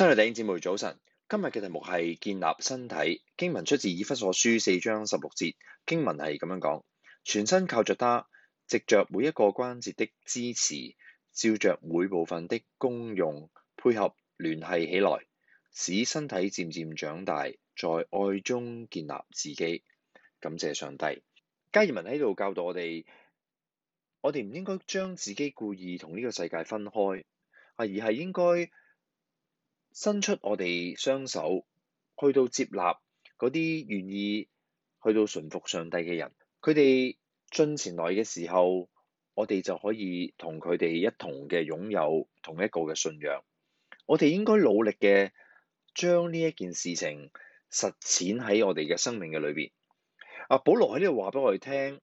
親愛的弟兄姊妹，早晨，今日嘅題目係建立身體。經文出自以弗所書四章十六節，經文係咁樣講：全身靠着他，藉着每一個關節的支持，照着每部分的功用配合聯繫起來，使身體漸漸長大，在愛中建立自己。感謝上帝，加爾文喺度教導我哋，我哋唔應該將自己故意同呢個世界分開，啊，而係應該。伸出我哋雙手，去到接納嗰啲願意去到順服上帝嘅人，佢哋進前來嘅時候，我哋就可以同佢哋一同嘅擁有同一個嘅信仰。我哋應該努力嘅，將呢一件事情實踐喺我哋嘅生命嘅裏邊。啊，保羅喺呢度話俾我哋聽，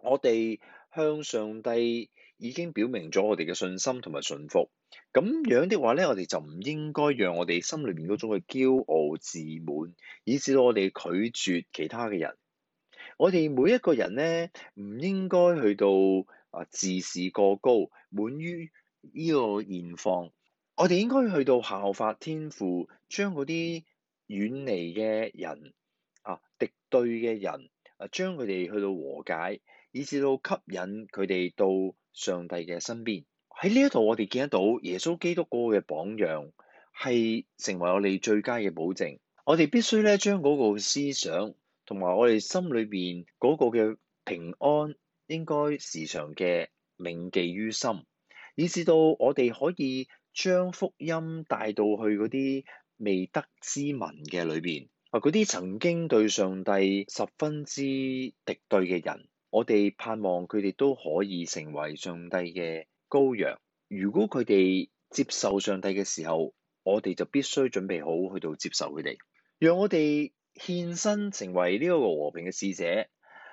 我哋向上帝已經表明咗我哋嘅信心同埋信服，咁樣的話咧，我哋就唔應該讓我哋心裏面嗰種嘅驕傲自滿，以至到我哋拒絕其他嘅人。我哋每一個人咧，唔應該去到啊自視過高，滿於呢個現況。我哋應該去到效法天父，將嗰啲遠離嘅人啊、敵對嘅人啊，將佢哋去到和解，以至到吸引佢哋到。上帝嘅身邊，喺呢一度我哋見得到耶穌基督嗰個嘅榜樣係成為我哋最佳嘅保證。我哋必須咧將嗰個思想同埋我哋心裏邊嗰個嘅平安應該時常嘅銘記於心，以至到我哋可以將福音帶到去嗰啲未得之民嘅裏邊，啊嗰啲曾經對上帝十分之敵對嘅人。我哋盼望佢哋都可以成為上帝嘅羔羊。如果佢哋接受上帝嘅時候，我哋就必須準備好去到接受佢哋。讓我哋獻身成為呢個和平嘅使者。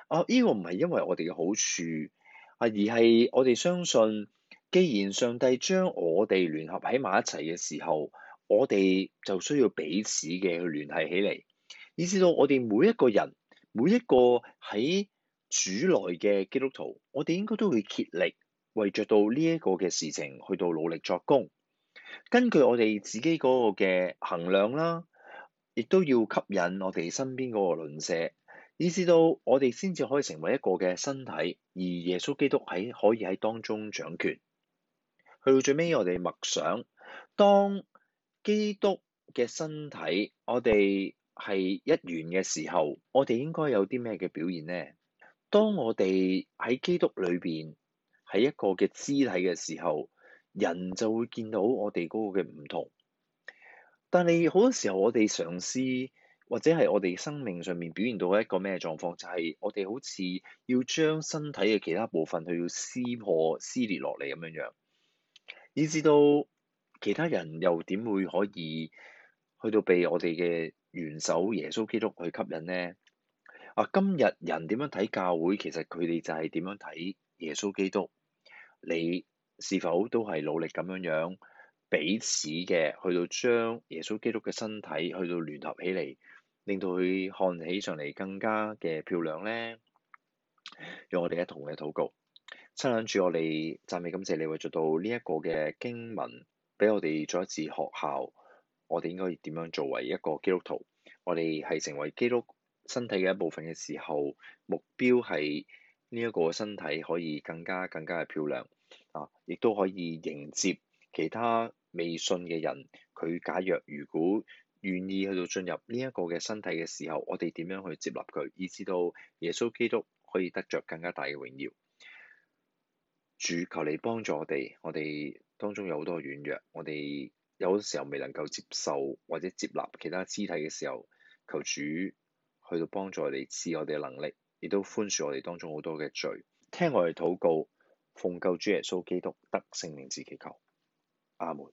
啊，呢個唔係因為我哋嘅好處，啊而係我哋相信，既然上帝將我哋聯合喺埋一齊嘅時候，我哋就需要彼此嘅去聯繫起嚟，以至到我哋每一個人，每一個喺主內嘅基督徒，我哋應該都會竭力為着到呢一個嘅事情去到努力作工。根據我哋自己嗰個嘅衡量啦，亦都要吸引我哋身邊嗰個鄰舍，以至到我哋先至可以成為一個嘅身體，而耶穌基督喺可以喺當中掌權。去到最尾，我哋默想，當基督嘅身體，我哋係一員嘅時候，我哋應該有啲咩嘅表現呢？當我哋喺基督裏邊係一個嘅肢體嘅時候，人就會見到我哋嗰個嘅唔同。但係好多時候，我哋嘗試或者係我哋生命上面表現到一個咩狀況？就係、是、我哋好似要將身體嘅其他部分去撕破、撕裂落嚟咁樣樣，以至到其他人又點會可以去到被我哋嘅元首耶穌基督去吸引呢？啊！今日人點樣睇教會，其實佢哋就係點樣睇耶穌基督。你是否都係努力咁樣樣彼此嘅，去到將耶穌基督嘅身體去到聯合起嚟，令到佢看起上嚟更加嘅漂亮咧？用我哋一同嘅禱告，親近住我哋，讚美感謝你為著做到呢一個嘅經文，俾我哋做一次學校，我哋應該點樣作為一個基督徒？我哋係成為基督身體嘅一部分嘅時候，目標係呢一個身體可以更加更加嘅漂亮啊！亦都可以迎接其他未信嘅人。佢假若如果願意去到進入呢一個嘅身體嘅時候，我哋點樣去接納佢，以至到耶穌基督可以得着更加大嘅榮耀。主求你幫助我哋，我哋當中有好多軟弱，我哋有時候未能夠接受或者接納其他肢體嘅時候，求主。去到幫助你哋，治我哋嘅能力，亦都寬恕我哋當中好多嘅罪，聽我哋禱告，奉救主耶穌基督得勝名字祈求，阿門。